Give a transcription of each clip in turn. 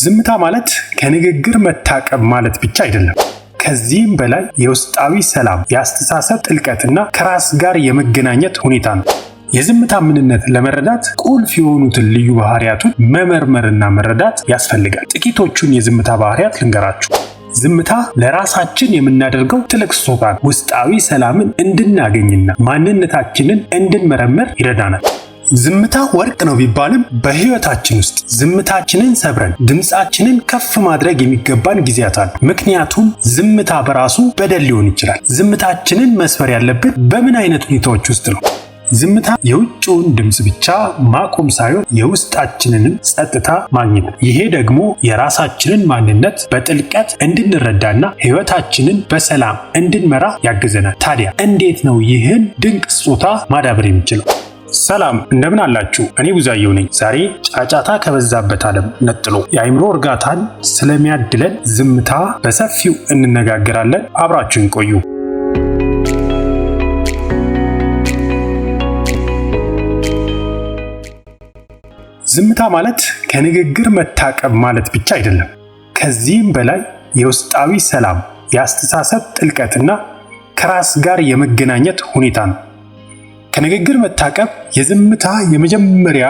ዝምታ ማለት ከንግግር መታቀብ ማለት ብቻ አይደለም። ከዚህም በላይ የውስጣዊ ሰላም፣ የአስተሳሰብ ጥልቀትና ከራስ ጋር የመገናኘት ሁኔታ ነው። የዝምታ ምንነት ለመረዳት ቁልፍ የሆኑትን ልዩ ባህሪያቱን መመርመርና መረዳት ያስፈልጋል። ጥቂቶቹን የዝምታ ባህሪያት ልንገራችሁ። ዝምታ ለራሳችን የምናደርገው ትልቅ ስጦታ ነው። ውስጣዊ ሰላምን እንድናገኝና ማንነታችንን እንድንመረምር ይረዳናል። ዝምታ ወርቅ ነው ቢባልም በህይወታችን ውስጥ ዝምታችንን ሰብረን ድምፃችንን ከፍ ማድረግ የሚገባን ጊዜያት አሉ። ምክንያቱም ዝምታ በራሱ በደል ሊሆን ይችላል። ዝምታችንን መስፈር ያለብን በምን አይነት ሁኔታዎች ውስጥ ነው? ዝምታ የውጭውን ድምፅ ብቻ ማቆም ሳይሆን የውስጣችንንም ጸጥታ ማግኘት። ይሄ ደግሞ የራሳችንን ማንነት በጥልቀት እንድንረዳና ህይወታችንን በሰላም እንድንመራ ያግዘናል። ታዲያ እንዴት ነው ይህን ድንቅ ስጦታ ማዳበር የሚችለው? ሰላም እንደምን አላችሁ? እኔ ቡዛየው ነኝ። ዛሬ ጫጫታ ከበዛበት ዓለም ነጥሎ የአይምሮ እርጋታን ስለሚያድለን ዝምታ በሰፊው እንነጋገራለን። አብራችሁን ቆዩ። ዝምታ ማለት ከንግግር መታቀብ ማለት ብቻ አይደለም። ከዚህም በላይ የውስጣዊ ሰላም፣ የአስተሳሰብ ጥልቀትና ከራስ ጋር የመገናኘት ሁኔታ ነው። ከንግግር መታቀብ የዝምታ የመጀመሪያ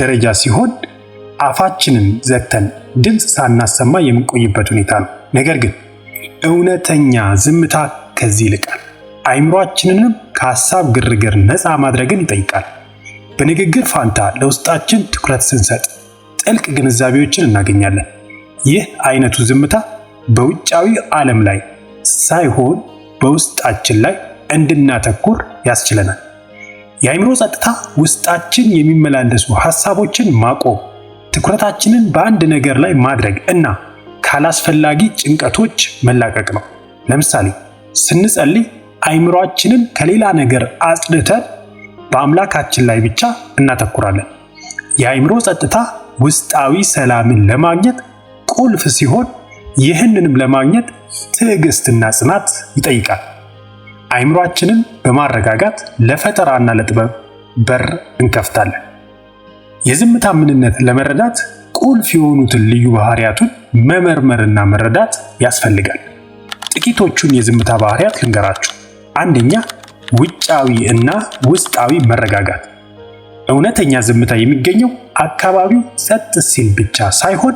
ደረጃ ሲሆን አፋችንን ዘግተን ድምፅ ሳናሰማ የምንቆይበት ሁኔታ ነው። ነገር ግን እውነተኛ ዝምታ ከዚህ ይልቃል። አይምሯችንንም ከሀሳብ ግርግር ነፃ ማድረግን ይጠይቃል። በንግግር ፋንታ ለውስጣችን ትኩረት ስንሰጥ ጥልቅ ግንዛቤዎችን እናገኛለን። ይህ አይነቱ ዝምታ በውጫዊ ዓለም ላይ ሳይሆን በውስጣችን ላይ እንድናተኩር ያስችለናል። የአእምሮ ጸጥታ ውስጣችን የሚመላለሱ ሐሳቦችን ማቆም፣ ትኩረታችንን በአንድ ነገር ላይ ማድረግ እና ካላስፈላጊ ጭንቀቶች መላቀቅ ነው። ለምሳሌ ስንጸልይ አእምሮአችንን ከሌላ ነገር አጽድተን በአምላካችን ላይ ብቻ እናተኩራለን። የአእምሮ ጸጥታ ውስጣዊ ሰላምን ለማግኘት ቁልፍ ሲሆን ይህንንም ለማግኘት ትዕግስትና ጽናት ይጠይቃል። አይምሯችንን በማረጋጋት ለፈጠራና ለጥበብ በር እንከፍታለን። የዝምታ ምንነት ለመረዳት ቁልፍ የሆኑትን ልዩ ባህሪያቱን መመርመርና መረዳት ያስፈልጋል። ጥቂቶቹን የዝምታ ባህሪያት ልንገራችሁ። አንደኛ፣ ውጫዊ እና ውስጣዊ መረጋጋት። እውነተኛ ዝምታ የሚገኘው አካባቢው ጸጥ ሲል ብቻ ሳይሆን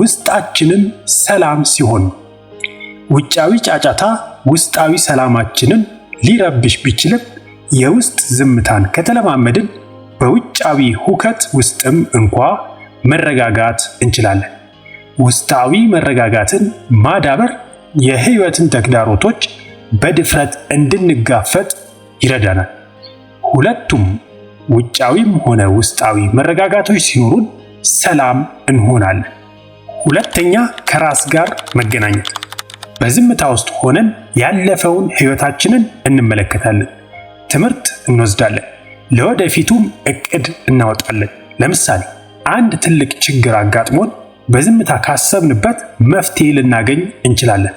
ውስጣችንም ሰላም ሲሆን ውጫዊ ጫጫታ ውስጣዊ ሰላማችንን ሊረብሽ ቢችልም የውስጥ ዝምታን ከተለማመድን በውጫዊ ሁከት ውስጥም እንኳ መረጋጋት እንችላለን። ውስጣዊ መረጋጋትን ማዳበር የህይወትን ተግዳሮቶች በድፍረት እንድንጋፈጥ ይረዳናል። ሁለቱም ውጫዊም ሆነ ውስጣዊ መረጋጋቶች ሲኖሩን ሰላም እንሆናለን። ሁለተኛ ከራስ ጋር መገናኘት በዝምታ ውስጥ ሆነን ያለፈውን ህይወታችንን እንመለከታለን፣ ትምህርት እንወስዳለን፣ ለወደፊቱም እቅድ እናወጣለን። ለምሳሌ አንድ ትልቅ ችግር አጋጥሞን በዝምታ ካሰብንበት መፍትሄ ልናገኝ እንችላለን።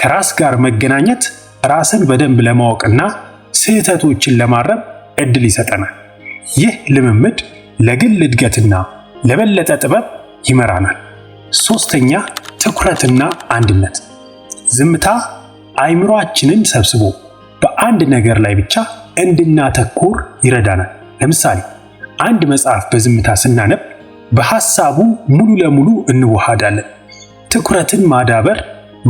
ከራስ ጋር መገናኘት ራስን በደንብ ለማወቅና ስህተቶችን ለማረም እድል ይሰጠናል። ይህ ልምምድ ለግል እድገትና ለበለጠ ጥበብ ይመራናል። ሶስተኛ ትኩረትና አንድነት ዝምታ አይምሯችንን ሰብስቦ በአንድ ነገር ላይ ብቻ እንድናተኩር ይረዳናል። ለምሳሌ አንድ መጽሐፍ በዝምታ ስናነብ በሐሳቡ ሙሉ ለሙሉ እንዋሃዳለን። ትኩረትን ማዳበር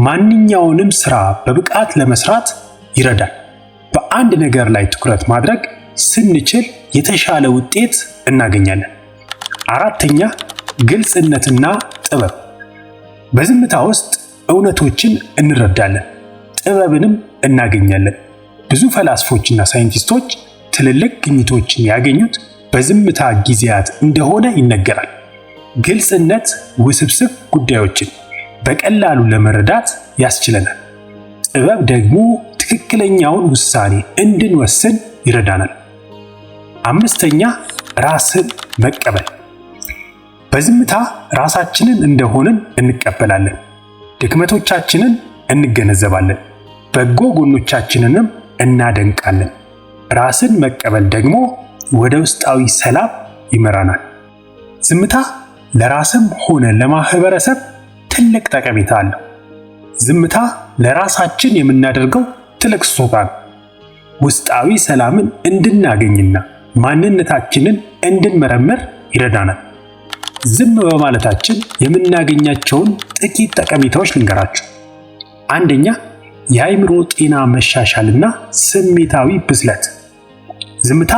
ማንኛውንም ስራ በብቃት ለመስራት ይረዳል። በአንድ ነገር ላይ ትኩረት ማድረግ ስንችል የተሻለ ውጤት እናገኛለን። አራተኛ ግልጽነትና ጥበብ በዝምታ ውስጥ እውነቶችን እንረዳለን፣ ጥበብንም እናገኛለን። ብዙ ፈላስፎችና ሳይንቲስቶች ትልልቅ ግኝቶችን ያገኙት በዝምታ ጊዜያት እንደሆነ ይነገራል። ግልጽነት ውስብስብ ጉዳዮችን በቀላሉ ለመረዳት ያስችለናል። ጥበብ ደግሞ ትክክለኛውን ውሳኔ እንድንወስን ይረዳናል። አምስተኛ ራስን መቀበል። በዝምታ ራሳችንን እንደሆንን እንቀበላለን። ድክመቶቻችንን እንገነዘባለን፣ በጎ ጎኖቻችንንም እናደንቃለን። ራስን መቀበል ደግሞ ወደ ውስጣዊ ሰላም ይመራናል። ዝምታ ለራስም ሆነ ለማህበረሰብ ትልቅ ጠቀሜታ አለው። ዝምታ ለራሳችን የምናደርገው ትልቅ ስጦታ ነው። ውስጣዊ ሰላምን እንድናገኝና ማንነታችንን እንድንመረምር ይረዳናል። ዝም በማለታችን የምናገኛቸውን ጥቂት ጠቀሜታዎች ልንገራችሁ። አንደኛ የአእምሮ ጤና መሻሻልና ስሜታዊ ብስለት። ዝምታ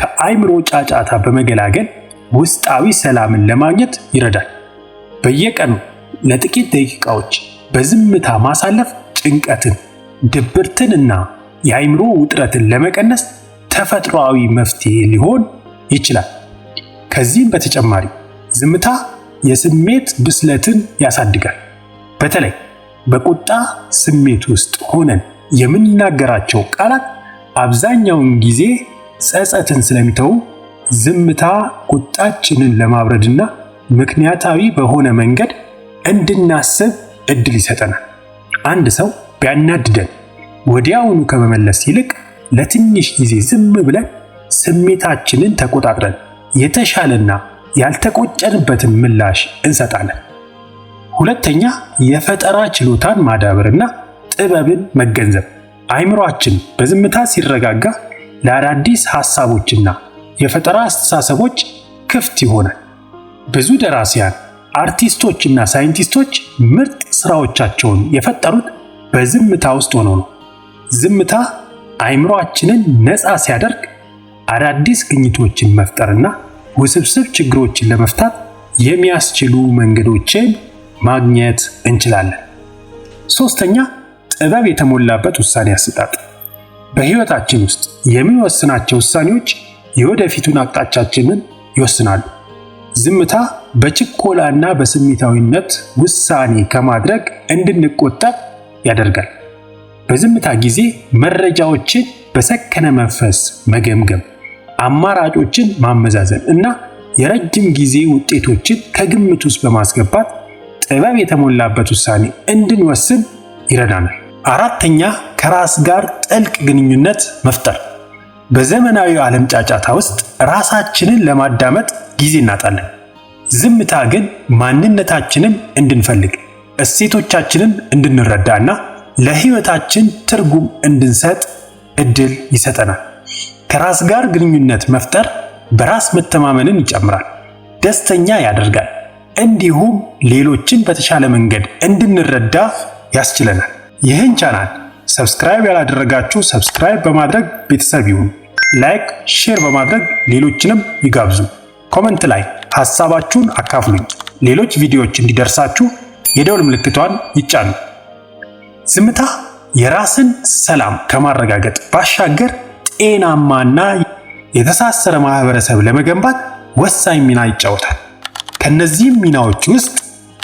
ከአእምሮ ጫጫታ በመገላገል ውስጣዊ ሰላምን ለማግኘት ይረዳል። በየቀኑ ለጥቂት ደቂቃዎች በዝምታ ማሳለፍ ጭንቀትን፣ ድብርትንና የአእምሮ ውጥረትን ለመቀነስ ተፈጥሯዊ መፍትሄ ሊሆን ይችላል። ከዚህም በተጨማሪ ዝምታ የስሜት ብስለትን ያሳድጋል። በተለይ በቁጣ ስሜት ውስጥ ሆነን የምንናገራቸው ቃላት አብዛኛውን ጊዜ ጸጸትን ስለሚተው ዝምታ ቁጣችንን ለማብረድና ምክንያታዊ በሆነ መንገድ እንድናስብ እድል ይሰጠናል። አንድ ሰው ቢያናድደን ወዲያውኑ ከመመለስ ይልቅ ለትንሽ ጊዜ ዝም ብለን ስሜታችንን ተቆጣጥረን የተሻለና ያልተቆጨንበትን ምላሽ እንሰጣለን። ሁለተኛ የፈጠራ ችሎታን ማዳበርና ጥበብን መገንዘብ። አይምሯችን በዝምታ ሲረጋጋ ለአዳዲስ ሐሳቦችና የፈጠራ አስተሳሰቦች ክፍት ይሆናል። ብዙ ደራሲያን፣ አርቲስቶችና ሳይንቲስቶች ምርጥ ስራዎቻቸውን የፈጠሩት በዝምታ ውስጥ ሆኖ ነው። ዝምታ አይምሯችንን ነፃ ሲያደርግ አዳዲስ ግኝቶችን መፍጠርና ውስብስብ ችግሮችን ለመፍታት የሚያስችሉ መንገዶችን ማግኘት እንችላለን። ሶስተኛ፣ ጥበብ የተሞላበት ውሳኔ አሰጣጥ። በህይወታችን ውስጥ የምንወስናቸው ውሳኔዎች የወደፊቱን አቅጣጫችንን ይወስናሉ። ዝምታ በችኮላ እና በስሜታዊነት ውሳኔ ከማድረግ እንድንቆጠብ ያደርጋል። በዝምታ ጊዜ መረጃዎችን በሰከነ መንፈስ መገምገም አማራጮችን ማመዛዘን እና የረጅም ጊዜ ውጤቶችን ከግምት ውስጥ በማስገባት ጥበብ የተሞላበት ውሳኔ እንድንወስን ይረዳናል። አራተኛ ከራስ ጋር ጥልቅ ግንኙነት መፍጠር። በዘመናዊ ዓለም ጫጫታ ውስጥ ራሳችንን ለማዳመጥ ጊዜ እናጣለን። ዝምታ ግን ማንነታችንን እንድንፈልግ፣ እሴቶቻችንን እና ለሕይወታችን ትርጉም እንድንሰጥ እድል ይሰጠናል። ከራስ ጋር ግንኙነት መፍጠር በራስ መተማመንን ይጨምራል፣ ደስተኛ ያደርጋል፣ እንዲሁም ሌሎችን በተሻለ መንገድ እንድንረዳ ያስችለናል። ይህን ቻናል ሰብስክራይብ ያላደረጋችሁ ሰብስክራይብ በማድረግ ቤተሰብ ይሁን። ላይክ፣ ሼር በማድረግ ሌሎችንም ይጋብዙ። ኮመንት ላይ ሐሳባችሁን አካፍሉኝ። ሌሎች ቪዲዮዎች እንዲደርሳችሁ የደውል ምልክቷን ይጫኑ። ዝምታ የራስን ሰላም ከማረጋገጥ ባሻገር ጤናማና የተሳሰረ ማህበረሰብ ለመገንባት ወሳኝ ሚና ይጫወታል። ከነዚህም ሚናዎች ውስጥ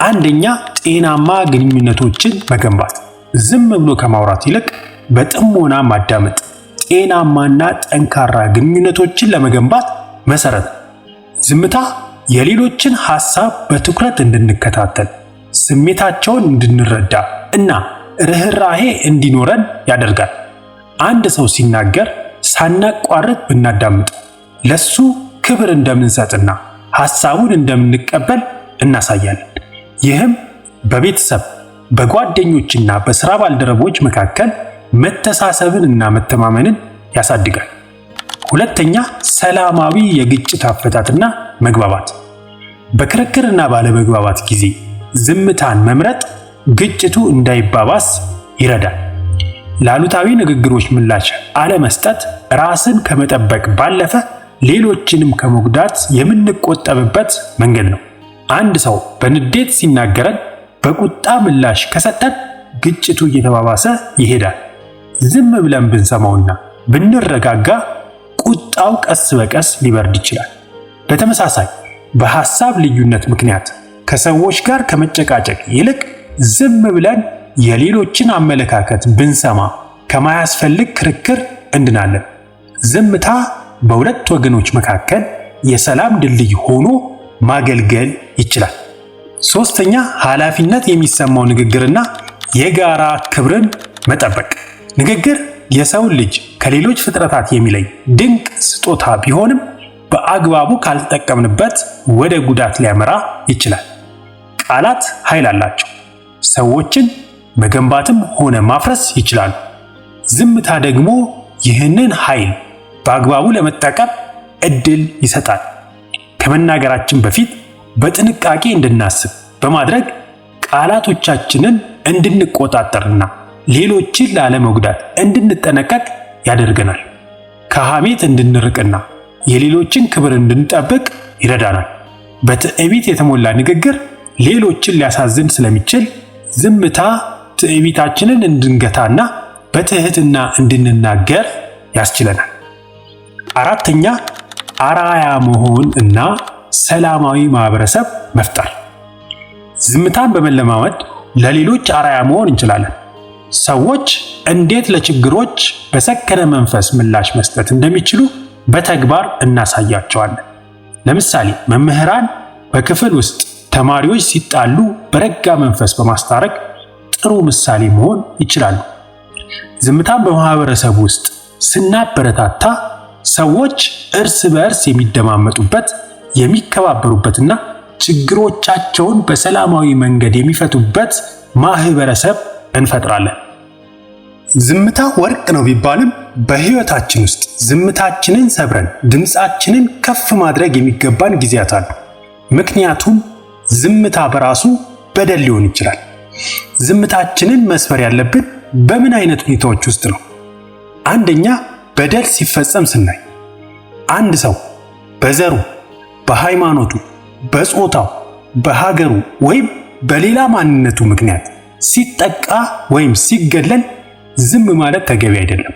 አንደኛ ጤናማ ግንኙነቶችን መገንባት፣ ዝም ብሎ ከማውራት ይልቅ በጥሞና ማዳመጥ ጤናማና ጠንካራ ግንኙነቶችን ለመገንባት መሰረት ዝምታ የሌሎችን ሐሳብ በትኩረት እንድንከታተል፣ ስሜታቸውን እንድንረዳ እና ርህራሄ እንዲኖረን ያደርጋል። አንድ ሰው ሲናገር ሳናቋርጥ ብናዳምጥ ለሱ ክብር እንደምንሰጥና ሐሳቡን እንደምንቀበል እናሳያለን። ይህም በቤተሰብ በጓደኞችና በስራ ባልደረቦች መካከል መተሳሰብን እና መተማመንን ያሳድጋል። ሁለተኛ፣ ሰላማዊ የግጭት አፈታትና መግባባት። በክርክርና ባለመግባባት ጊዜ ዝምታን መምረጥ ግጭቱ እንዳይባባስ ይረዳል። ለአሉታዊ ንግግሮች ምላሽ አለመስጠት ራስን ከመጠበቅ ባለፈ ሌሎችንም ከመጉዳት የምንቆጠብበት መንገድ ነው። አንድ ሰው በንዴት ሲናገረን በቁጣ ምላሽ ከሰጠን ግጭቱ እየተባባሰ ይሄዳል። ዝም ብለን ብንሰማውና ብንረጋጋ ቁጣው ቀስ በቀስ ሊበርድ ይችላል። በተመሳሳይ በሐሳብ ልዩነት ምክንያት ከሰዎች ጋር ከመጨቃጨቅ ይልቅ ዝም ብለን የሌሎችን አመለካከት ብንሰማ ከማያስፈልግ ክርክር እንድናለን። ዝምታ በሁለት ወገኖች መካከል የሰላም ድልድይ ሆኖ ማገልገል ይችላል። ሶስተኛ፣ ኃላፊነት የሚሰማው ንግግርና የጋራ ክብርን መጠበቅ። ንግግር የሰውን ልጅ ከሌሎች ፍጥረታት የሚለይ ድንቅ ስጦታ ቢሆንም በአግባቡ ካልተጠቀምንበት ወደ ጉዳት ሊያመራ ይችላል። ቃላት ኃይል አላቸው። ሰዎችን መገንባትም ሆነ ማፍረስ ይችላል። ዝምታ ደግሞ ይህንን ኃይል በአግባቡ ለመጠቀም እድል ይሰጣል። ከመናገራችን በፊት በጥንቃቄ እንድናስብ በማድረግ ቃላቶቻችንን እንድንቆጣጠርና ሌሎችን ላለመጉዳት እንድንጠነቀቅ ያደርገናል። ከሐሜት እንድንርቅና የሌሎችን ክብር እንድንጠብቅ ይረዳናል። በትዕቢት የተሞላ ንግግር ሌሎችን ሊያሳዝን ስለሚችል ዝምታ ትዕቢታችንን እንድንገታና በትህትና እንድንናገር ያስችለናል። አራተኛ አራያ መሆን እና ሰላማዊ ማህበረሰብ መፍጠር። ዝምታን በመለማመድ ለሌሎች አራያ መሆን እንችላለን። ሰዎች እንዴት ለችግሮች በሰከነ መንፈስ ምላሽ መስጠት እንደሚችሉ በተግባር እናሳያቸዋለን። ለምሳሌ መምህራን በክፍል ውስጥ ተማሪዎች ሲጣሉ በረጋ መንፈስ በማስታረቅ ጥሩ ምሳሌ መሆን ይችላሉ። ዝምታን በማህበረሰብ ውስጥ ስናበረታታ ሰዎች እርስ በእርስ የሚደማመጡበት የሚከባበሩበትና ችግሮቻቸውን በሰላማዊ መንገድ የሚፈቱበት ማህበረሰብ እንፈጥራለን። ዝምታ ወርቅ ነው ቢባልም በህይወታችን ውስጥ ዝምታችንን ሰብረን ድምፃችንን ከፍ ማድረግ የሚገባን ጊዜያት አሉ። ምክንያቱም ዝምታ በራሱ በደል ሊሆን ይችላል። ዝምታችንን መስፈር ያለብን በምን አይነት ሁኔታዎች ውስጥ ነው? አንደኛ በደል ሲፈጸም ስናይ፣ አንድ ሰው በዘሩ፣ በሃይማኖቱ፣ በጾታው፣ በሀገሩ ወይም በሌላ ማንነቱ ምክንያት ሲጠቃ ወይም ሲገለል ዝም ማለት ተገቢ አይደለም።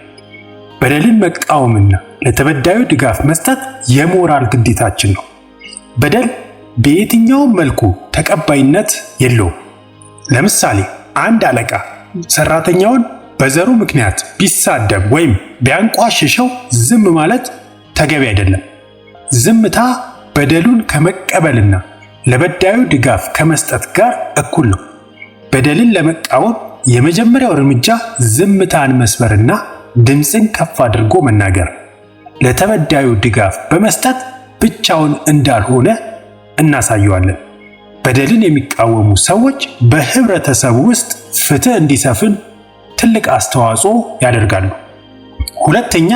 በደልን መቃወምና ለተበዳዩ ድጋፍ መስጠት የሞራል ግዴታችን ነው። በደል በየትኛውም መልኩ ተቀባይነት የለውም። ለምሳሌ አንድ አለቃ ሰራተኛውን በዘሩ ምክንያት ቢሳደብ ወይም ቢያንቋሽሸው ዝም ማለት ተገቢ አይደለም። ዝምታ በደሉን ከመቀበልና ለበዳዩ ድጋፍ ከመስጠት ጋር እኩል ነው። በደልን ለመቃወም የመጀመሪያው እርምጃ ዝምታን መስበርና ድምፅን ከፍ አድርጎ መናገር፣ ለተበዳዩ ድጋፍ በመስጠት ብቻውን እንዳልሆነ እናሳየዋለን። በደልን የሚቃወሙ ሰዎች በህብረተሰብ ውስጥ ፍትህ እንዲሰፍን ትልቅ አስተዋጽኦ ያደርጋሉ። ሁለተኛ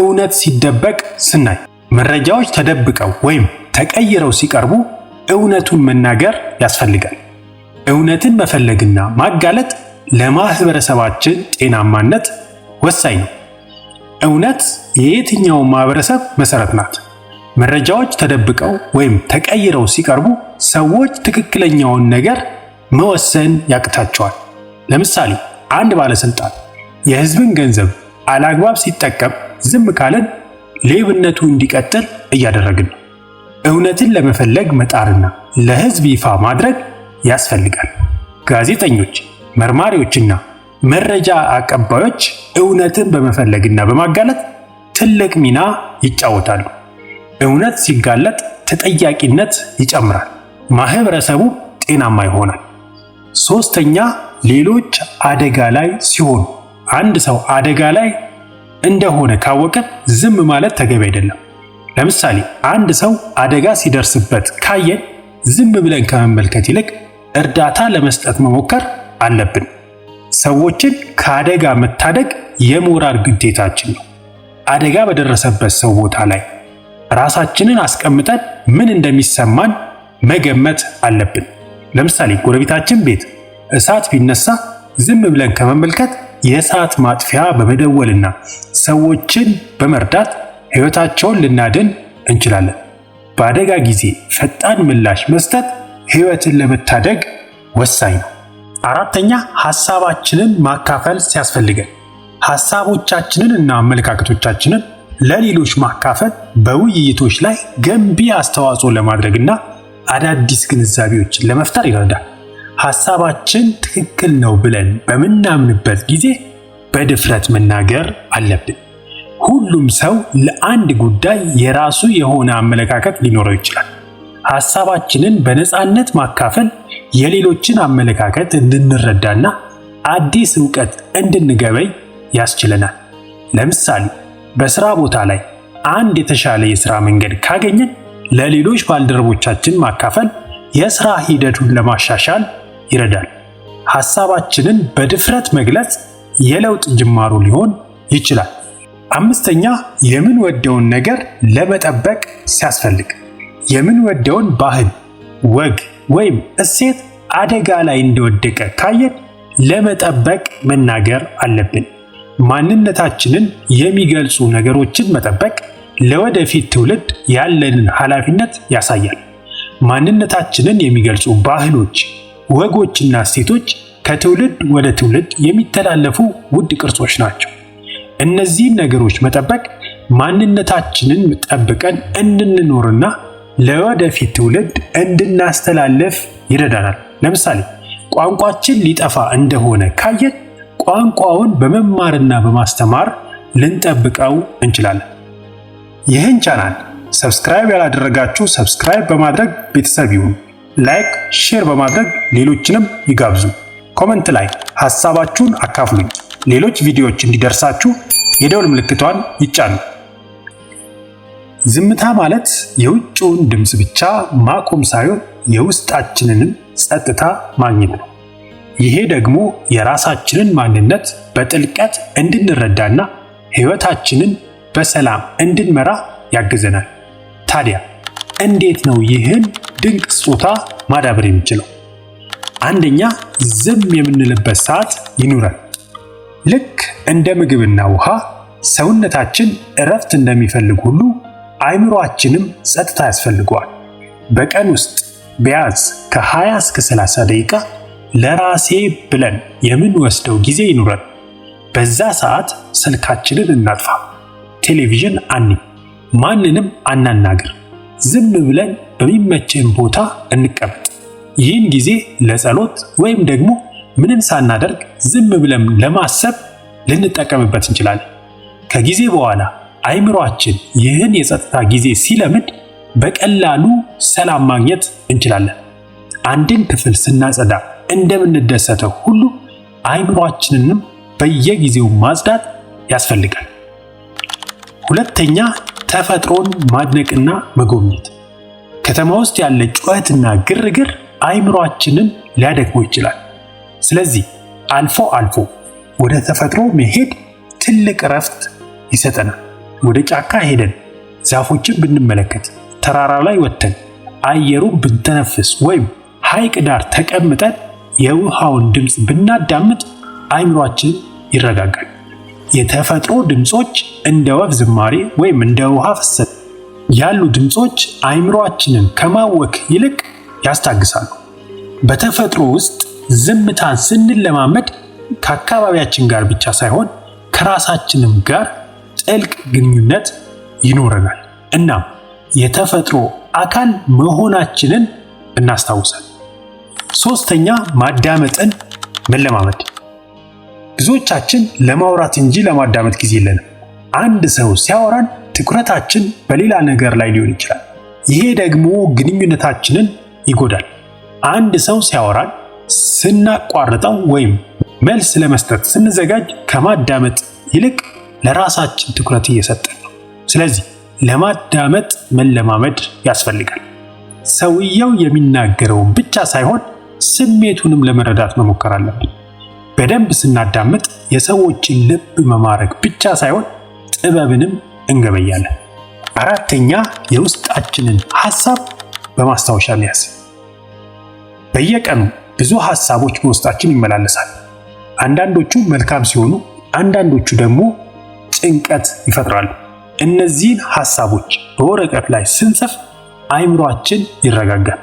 እውነት ሲደበቅ ስናይ፣ መረጃዎች ተደብቀው ወይም ተቀይረው ሲቀርቡ እውነቱን መናገር ያስፈልጋል። እውነትን መፈለግና ማጋለጥ ለማህበረሰባችን ጤናማነት ወሳኝ ነው። እውነት የየትኛውን ማህበረሰብ መሰረት ናት። መረጃዎች ተደብቀው ወይም ተቀይረው ሲቀርቡ ሰዎች ትክክለኛውን ነገር መወሰን ያቅታቸዋል። ለምሳሌ አንድ ባለስልጣን የህዝብን ገንዘብ አላግባብ ሲጠቀም ዝም ካለን ሌብነቱ እንዲቀጥል እያደረግን ነው። እውነትን ለመፈለግ መጣርና ለህዝብ ይፋ ማድረግ ያስፈልጋል። ጋዜጠኞች፣ መርማሪዎችና መረጃ አቀባዮች እውነትን በመፈለግና በማጋለጥ ትልቅ ሚና ይጫወታሉ። እውነት ሲጋለጥ ተጠያቂነት ይጨምራል፣ ማህበረሰቡ ጤናማ ይሆናል። ሶስተኛ ሌሎች አደጋ ላይ ሲሆኑ፣ አንድ ሰው አደጋ ላይ እንደሆነ ካወቀ ዝም ማለት ተገቢ አይደለም። ለምሳሌ አንድ ሰው አደጋ ሲደርስበት ካየን ዝም ብለን ከመመልከት ይልቅ እርዳታ ለመስጠት መሞከር አለብን። ሰዎችን ከአደጋ መታደግ የሞራል ግዴታችን ነው። አደጋ በደረሰበት ሰው ቦታ ላይ ራሳችንን አስቀምጠን ምን እንደሚሰማን መገመት አለብን። ለምሳሌ ጎረቤታችን ቤት እሳት ቢነሳ ዝም ብለን ከመመልከት የእሳት ማጥፊያ በመደወልና ሰዎችን በመርዳት ሕይወታቸውን ልናድን እንችላለን። በአደጋ ጊዜ ፈጣን ምላሽ መስጠት ሕይወትን ለመታደግ ወሳኝ ነው። አራተኛ ሐሳባችንን ማካፈል ሲያስፈልገን ሐሳቦቻችንን እና አመለካከቶቻችንን ለሌሎች ማካፈል በውይይቶች ላይ ገንቢ አስተዋጽኦ ለማድረግና አዳዲስ ግንዛቤዎችን ለመፍጠር ይረዳል። ሐሳባችን ትክክል ነው ብለን በምናምንበት ጊዜ በድፍረት መናገር አለብን። ሁሉም ሰው ለአንድ ጉዳይ የራሱ የሆነ አመለካከት ሊኖረው ይችላል። ሐሳባችንን በነፃነት ማካፈል የሌሎችን አመለካከት እንድንረዳና አዲስ ዕውቀት እንድንገበይ ያስችለናል። ለምሳሌ በስራ ቦታ ላይ አንድ የተሻለ የስራ መንገድ ካገኘን ለሌሎች ባልደረቦቻችን ማካፈል የስራ ሂደቱን ለማሻሻል ይረዳል። ሐሳባችንን በድፍረት መግለጽ የለውጥ ጅማሮ ሊሆን ይችላል። አምስተኛ የምንወደውን ነገር ለመጠበቅ ሲያስፈልግ የምንወደውን ባህል፣ ወግ ወይም እሴት አደጋ ላይ እንደወደቀ ካየን ለመጠበቅ መናገር አለብን። ማንነታችንን የሚገልጹ ነገሮችን መጠበቅ ለወደፊት ትውልድ ያለንን ኃላፊነት ያሳያል። ማንነታችንን የሚገልጹ ባህሎች፣ ወጎችና እሴቶች ከትውልድ ወደ ትውልድ የሚተላለፉ ውድ ቅርሶች ናቸው። እነዚህን ነገሮች መጠበቅ ማንነታችንን ጠብቀን እንድንኖርና ለወደፊት ትውልድ እንድናስተላለፍ ይረዳናል። ለምሳሌ ቋንቋችን ሊጠፋ እንደሆነ ካየን ቋንቋውን በመማርና በማስተማር ልንጠብቀው እንችላለን። ይህን ቻናል ሰብስክራይብ ያላደረጋችሁ ሰብስክራይብ በማድረግ ቤተሰብ ይሁን። ላይክ፣ ሼር በማድረግ ሌሎችንም ይጋብዙ። ኮመንት ላይ ሐሳባችሁን አካፍሉኝ። ሌሎች ቪዲዮዎች እንዲደርሳችሁ የደውል ምልክቷን ይጫኑ። ዝምታ ማለት የውጭውን ድምፅ ብቻ ማቆም ሳይሆን የውስጣችንንም ጸጥታ ማግኘት ነው። ይሄ ደግሞ የራሳችንን ማንነት በጥልቀት እንድንረዳና ሕይወታችንን በሰላም እንድንመራ ያግዘናል። ታዲያ እንዴት ነው ይህን ድንቅ ስጦታ ማዳበር የምንችለው? አንደኛ ዝም የምንልበት ሰዓት ይኑረን። ልክ እንደ ምግብና ውሃ ሰውነታችን እረፍት እንደሚፈልግ ሁሉ አይምሮአችንም ጸጥታ ያስፈልገዋል። በቀን ውስጥ ቢያንስ ከ20 እስከ 30 ደቂቃ ለራሴ ብለን የምንወስደው ጊዜ ይኑረን። በዛ ሰዓት ስልካችንን እናጥፋ፣ ቴሌቪዥን አኒ፣ ማንንም አናናግር፣ ዝም ብለን በሚመቸን ቦታ እንቀመጥ። ይህን ጊዜ ለጸሎት ወይም ደግሞ ምንም ሳናደርግ ዝም ብለን ለማሰብ ልንጠቀምበት እንችላለን። ከጊዜ በኋላ አይምሯችን ይህን የጸጥታ ጊዜ ሲለምድ በቀላሉ ሰላም ማግኘት እንችላለን። አንድን ክፍል ስናጸዳ እንደምንደሰተው ሁሉ አይምሯችንንም በየጊዜው ማጽዳት ያስፈልጋል። ሁለተኛ ተፈጥሮን ማድነቅና መጎብኘት። ከተማ ውስጥ ያለ ጩኸትና ግርግር አይምሯችንን ሊያደክመው ይችላል። ስለዚህ አልፎ አልፎ ወደ ተፈጥሮ መሄድ ትልቅ እረፍት ይሰጠናል። ወደ ጫካ ሄደን ዛፎችን ብንመለከት፣ ተራራ ላይ ወጥተን አየሩን ብንተነፍስ ወይም ሐይቅ ዳር ተቀምጠን የውሃውን ድምፅ ብናዳምጥ አይምሯችን ይረጋጋል። የተፈጥሮ ድምፆች እንደ ወፍ ዝማሬ ወይም እንደ ውሃ ፍሰት ያሉ ድምፆች አይምሯችንን ከማወክ ይልቅ ያስታግሳሉ። በተፈጥሮ ውስጥ ዝምታን ስንለማመድ ከአካባቢያችን ጋር ብቻ ሳይሆን ከራሳችንም ጋር ጥልቅ ግንኙነት ይኖረናል። እናም የተፈጥሮ አካል መሆናችንን እናስታውሳል። ሶስተኛ ማዳመጥን መለማመድ። ብዙዎቻችን ለማውራት እንጂ ለማዳመጥ ጊዜ የለንም። አንድ ሰው ሲያወራን ትኩረታችን በሌላ ነገር ላይ ሊሆን ይችላል። ይሄ ደግሞ ግንኙነታችንን ይጎዳል። አንድ ሰው ሲያወራን ስናቋርጠው ወይም መልስ ለመስጠት ስንዘጋጅ ከማዳመጥ ይልቅ ለራሳችን ትኩረት እየሰጠን ነው። ስለዚህ ለማዳመጥ መለማመድ ያስፈልጋል። ሰውየው የሚናገረውን ብቻ ሳይሆን ስሜቱንም ለመረዳት መሞከር አለብን። በደንብ ስናዳምጥ የሰዎችን ልብ መማረክ ብቻ ሳይሆን ጥበብንም እንገበያለን። አራተኛ የውስጣችንን ሐሳብ በማስታወሻ መያዝ በየቀኑ ብዙ ሐሳቦች በውስጣችን ይመላለሳል። አንዳንዶቹ መልካም ሲሆኑ፣ አንዳንዶቹ ደግሞ ጭንቀት ይፈጥራሉ። እነዚህን ሐሳቦች በወረቀት ላይ ስንጽፍ አይምሯችን ይረጋጋል።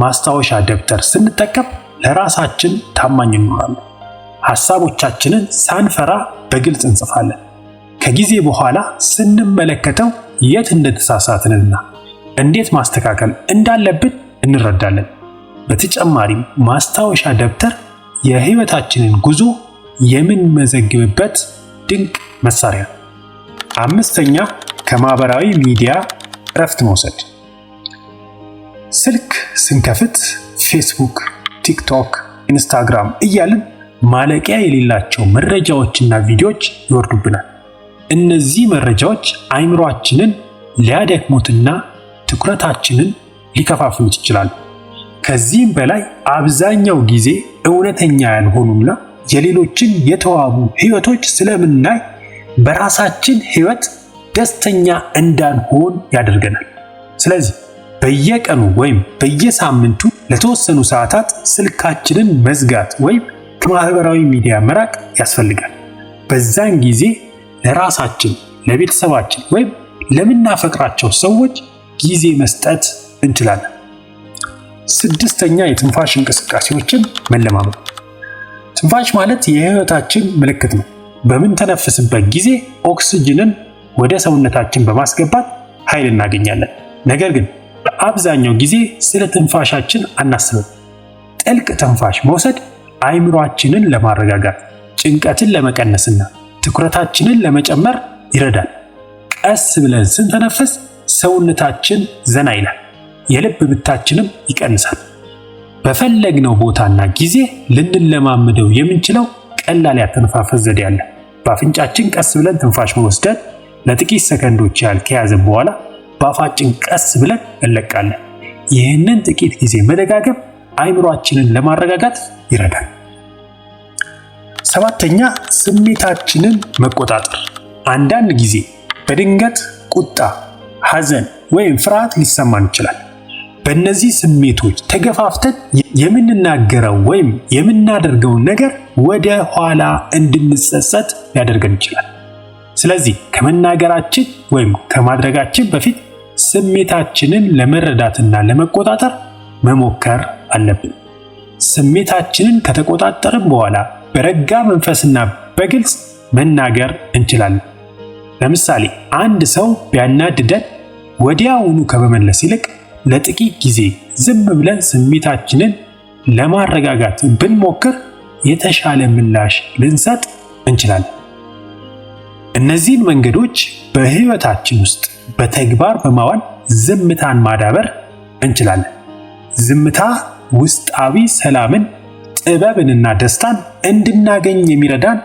ማስታወሻ ደብተር ስንጠቀም ለራሳችን ታማኝ እንሆናለን። ሐሳቦቻችንን ሳንፈራ በግልጽ እንጽፋለን። ከጊዜ በኋላ ስንመለከተው የት እንደተሳሳትንና እንዴት ማስተካከል እንዳለብን እንረዳለን። በተጨማሪም ማስታወሻ ደብተር የህይወታችንን ጉዞ የምንመዘግብበት ድንቅ መሳሪያ ነው። አምስተኛ ከማህበራዊ ሚዲያ እረፍት መውሰድ ስልክ ስንከፍት ፌስቡክ፣ ቲክቶክ፣ ኢንስታግራም እያልን ማለቂያ የሌላቸው መረጃዎችና ቪዲዮዎች ይወርዱብናል። እነዚህ መረጃዎች አይምሯችንን ሊያደክሙትና ትኩረታችንን ሊከፋፍሉት ይችላሉ። ከዚህም በላይ አብዛኛው ጊዜ እውነተኛ ያልሆኑና የሌሎችን የተዋቡ ህይወቶች ስለምናይ በራሳችን ህይወት ደስተኛ እንዳንሆን ያደርገናል። ስለዚህ በየቀኑ ወይም በየሳምንቱ ለተወሰኑ ሰዓታት ስልካችንን መዝጋት ወይም ከማህበራዊ ሚዲያ መራቅ ያስፈልጋል። በዛን ጊዜ ለራሳችን፣ ለቤተሰባችን ወይም ለምናፈቅራቸው ሰዎች ጊዜ መስጠት እንችላለን። ስድስተኛ የትንፋሽ እንቅስቃሴዎችን መለማመድ። ትንፋሽ ማለት የህይወታችን ምልክት ነው። በምንተነፍስበት ጊዜ ኦክስጅንን ወደ ሰውነታችን በማስገባት ኃይል እናገኛለን። ነገር ግን በአብዛኛው ጊዜ ስለ ትንፋሻችን አናስብም። ጥልቅ ትንፋሽ መውሰድ አይምሯችንን ለማረጋጋት፣ ጭንቀትን ለመቀነስና ትኩረታችንን ለመጨመር ይረዳል። ቀስ ብለን ስንተነፈስ ሰውነታችን ዘና ይላል፣ የልብ ምታችንም ይቀንሳል። በፈለግነው ቦታና ጊዜ ልንለማምደው የምንችለው ቀላል ያተነፋፈስ ዘዴ አለ። በአፍንጫችን ቀስ ብለን ትንፋሽ መወስደን ለጥቂት ሰከንዶች ያህል ከያዘን በኋላ በአፋችን ቀስ ብለን እንለቃለን። ይህንን ጥቂት ጊዜ መደጋገም አይምሯችንን ለማረጋጋት ይረዳል። ሰባተኛ ስሜታችንን መቆጣጠር። አንዳንድ ጊዜ በድንገት ቁጣ፣ ሐዘን ወይም ፍርሃት ሊሰማን ይችላል። በእነዚህ ስሜቶች ተገፋፍተን የምንናገረው ወይም የምናደርገውን ነገር ወደ ኋላ እንድንጸጸት ሊያደርገን ይችላል። ስለዚህ ከመናገራችን ወይም ከማድረጋችን በፊት ስሜታችንን ለመረዳትና ለመቆጣጠር መሞከር አለብን። ስሜታችንን ከተቆጣጠርን በኋላ በረጋ መንፈስና በግልጽ መናገር እንችላለን። ለምሳሌ አንድ ሰው ቢያናድደን ወዲያውኑ ከመመለስ ይልቅ ለጥቂት ጊዜ ዝም ብለን ስሜታችንን ለማረጋጋት ብንሞክር የተሻለ ምላሽ ልንሰጥ እንችላለን። እነዚህን መንገዶች በህይወታችን ውስጥ በተግባር በማዋል ዝምታን ማዳበር እንችላለን። ዝምታ ውስጣዊ ሰላምን፣ ጥበብንና ደስታን እንድናገኝ የሚረዳን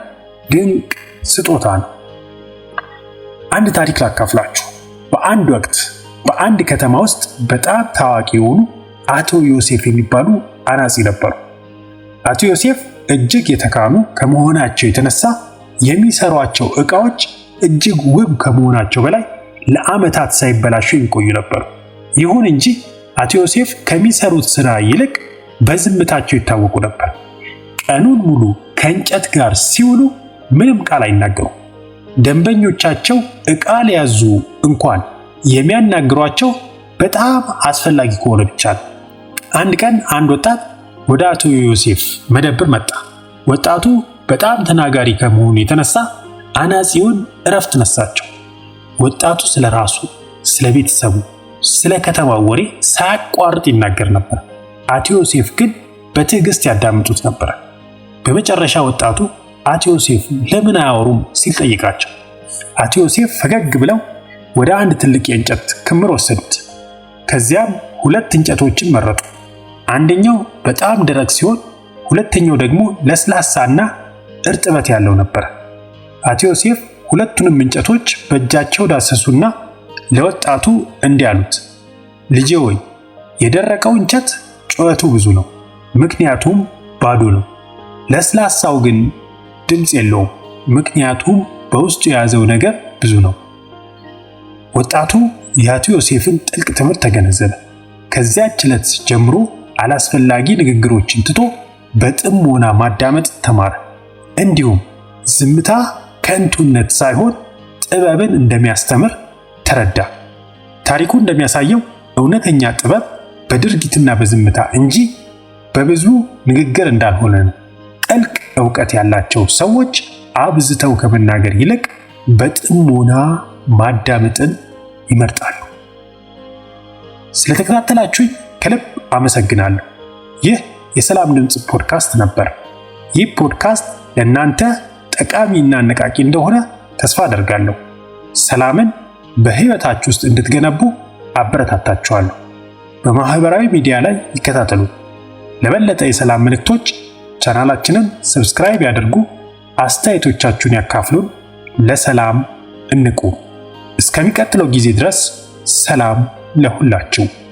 ድንቅ ስጦታ ነው። አንድ ታሪክ ላካፍላችሁ። በአንድ ወቅት በአንድ ከተማ ውስጥ በጣም ታዋቂ የሆኑ አቶ ዮሴፍ የሚባሉ አናጺ ነበሩ። አቶ ዮሴፍ እጅግ የተካኑ ከመሆናቸው የተነሳ የሚሰሯቸው ዕቃዎች እጅግ ውብ ከመሆናቸው በላይ ለዓመታት ሳይበላሹ ይቆዩ ነበር። ይሁን እንጂ አቶ ዮሴፍ ከሚሰሩት ሥራ ይልቅ በዝምታቸው ይታወቁ ነበር። ቀኑን ሙሉ ከእንጨት ጋር ሲውሉ ምንም ቃል አይናገሩ። ደንበኞቻቸው ዕቃ ሊያዙ እንኳን የሚያናግሯቸው በጣም አስፈላጊ ከሆነ ብቻ ነው። አንድ ቀን አንድ ወጣት ወደ አቶ ዮሴፍ መደብር መጣ። ወጣቱ በጣም ተናጋሪ ከመሆኑ የተነሳ አናጺውን እረፍት ነሳቸው። ወጣቱ ስለ ራሱ፣ ስለ ቤተሰቡ፣ ስለ ከተማ ወሬ ሳያቋርጥ ይናገር ነበር። አቶ ዮሴፍ ግን በትዕግስት ያዳምጡት ነበረ። በመጨረሻ ወጣቱ አቶ ዮሴፍ ለምን አያወሩም ሲል ጠይቃቸው፣ አቶ ዮሴፍ ፈገግ ብለው ወደ አንድ ትልቅ የእንጨት ክምር ወሰዱት። ከዚያም ሁለት እንጨቶችን መረጡ። አንደኛው በጣም ደረቅ ሲሆን፣ ሁለተኛው ደግሞ ለስላሳና እርጥበት ያለው ነበር። አቶ ዮሴፍ ሁለቱንም እንጨቶች በእጃቸው ዳሰሱና ለወጣቱ እንዲህ አሉት፣ ልጄ ሆይ የደረቀው እንጨት ጩኸቱ ብዙ ነው፣ ምክንያቱም ባዶ ነው። ለስላሳው ግን ድምፅ የለውም፣ ምክንያቱም በውስጡ የያዘው ነገር ብዙ ነው። ወጣቱ የአቶ ዮሴፍን ጥልቅ ትምህርት ተገነዘበ። ከዚያች ዕለት ጀምሮ አላስፈላጊ ንግግሮችን ትቶ በጥሞና ማዳመጥ ተማረ። እንዲሁም ዝምታ ከንቱነት ሳይሆን ጥበብን እንደሚያስተምር ተረዳ። ታሪኩ እንደሚያሳየው እውነተኛ ጥበብ በድርጊትና በዝምታ እንጂ በብዙ ንግግር እንዳልሆነ ነው። ጥልቅ እውቀት ያላቸው ሰዎች አብዝተው ከመናገር ይልቅ በጥሞና ማዳመጥን ይመርጣሉ። ስለተከታተላችሁኝ ከልብ አመሰግናለሁ። ይህ የሰላም ድምፅ ፖድካስት ነበር። ይህ ፖድካስት ለእናንተ ጠቃሚና አነቃቂ እንደሆነ ተስፋ አደርጋለሁ። ሰላምን በህይወታችሁ ውስጥ እንድትገነቡ አበረታታችኋለሁ። በማህበራዊ ሚዲያ ላይ ይከታተሉ። ለበለጠ የሰላም መልእክቶች ቻናላችንን ሰብስክራይብ ያድርጉ። አስተያየቶቻችሁን ያካፍሉን። ለሰላም እንቁ። እስከሚቀጥለው ጊዜ ድረስ ሰላም ለሁላችሁ።